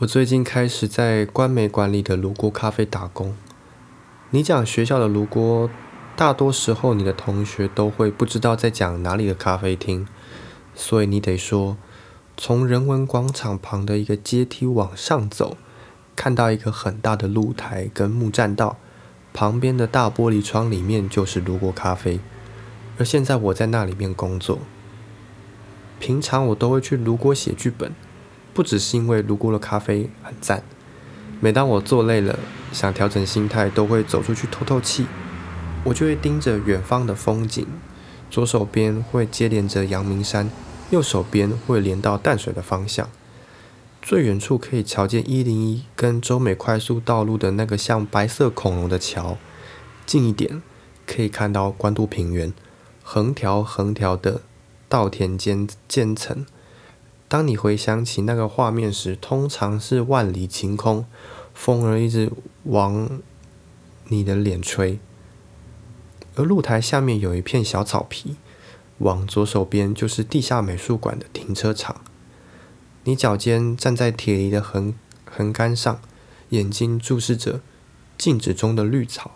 我最近開始在官美館裡的爐鍋咖啡打工。你講學校的爐鍋，大多時候你的同學都會不知道在講哪裡的咖啡廳，所以你得說，從人文廣場旁的一個階梯往上走，看到一個很大的露台跟木棧道，旁邊的大玻璃窗裡面就是爐鍋咖啡。而現在我在那裡面工作，平常我都會去爐鍋寫劇本。不只是因為瀘沽的咖啡很讚，每當我坐累了想調整心態，都會走出去透透氣。我就會盯着遠方的風景，左手邊會接連着陽明山，右手邊會連到淡水的方向。最遠處可以瞧見一零一跟洲美快速道路的那個像白色恐龍的橋。近一點可以看到關渡平原，橫條橫條的稻田間間層。當你回想起那個畫面時，通常是萬里晴空，風兒一直往你的臉吹，而露台下面有一片小草皮，往左手邊就是地下美術館的停車場。你腳尖站在鐵藝的橫橫桿上，眼睛注視着鏡子中的綠草。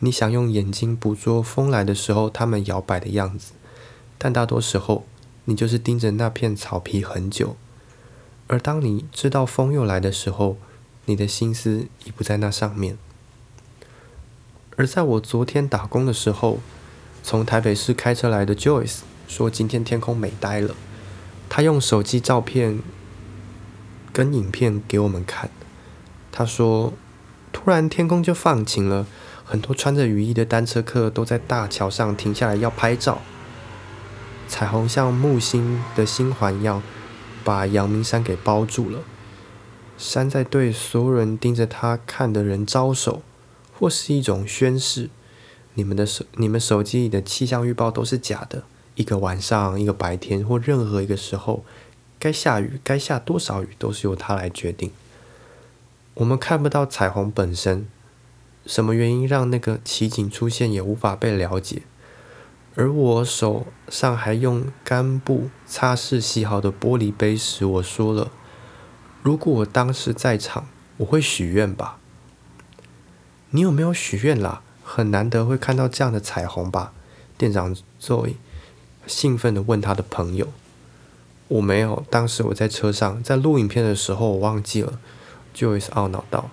你想用眼睛捕捉風來的時候它們搖擺的樣子，但大多時候，你就是盯着那片草皮很久，而當你知道風又來的時候，你的心思已不在那上面。而在我昨天打工的時候，從台北市開車來的 Joyce 說今天天空美呆了，他用手機照片跟影片給我們看。他說，突然天空就放晴了，很多穿着雨衣的單車客都在大橋上停下來要拍照。彩虹像木星的星環一樣，把陽明山給包住了。山在對所有人盯着它看的人招手，或是一種宣示：你們的手、你們手機裡的氣象預報都是假的。一個晚上、一個白天或任何一個時候，該下雨、該下多少雨都是由它來決定。我們看不到彩虹本身，什麼原因讓那個奇景出現也無法被了解。而我手上還用乾布擦拭洗好的玻璃杯時，我說了：“如果我當時在場，我會許願吧。”“你有沒有許願啦？”“很難得會看到這樣的彩虹吧？”店長 Joey 興奮地問他的朋友。“我沒有，當時我在車上，在錄影片的時候我忘記了。”Joey 懊惱道。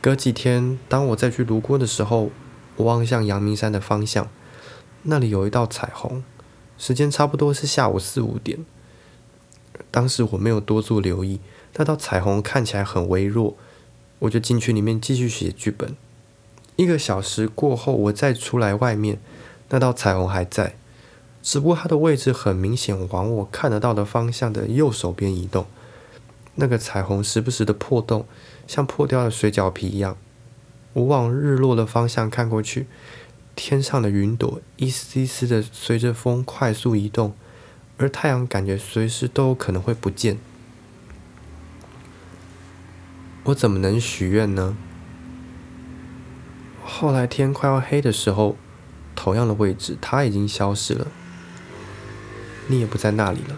隔幾天，當我再去盧鍋的時候，我望向陽明山的方向。那裡有一道彩虹，時間差不多是下午四五點。當時我沒有多做留意，那道彩虹看起來很微弱，我就進去裡面繼續寫劇本。一個小時過後，我再出來外面，那道彩虹還在，只不過它的位置很明顯往我看得到的方向的右手邊移動。那個彩虹時不時的破洞，像破掉的水餃皮一樣。我往日落的方向看過去。天上的雲朵一絲一絲的隨着風快速移動，而太陽感覺隨時都有可能會不見。我怎麼能許願呢？後來天快要黑的時候，同樣的位置，它已經消失了。你也不在那裡了。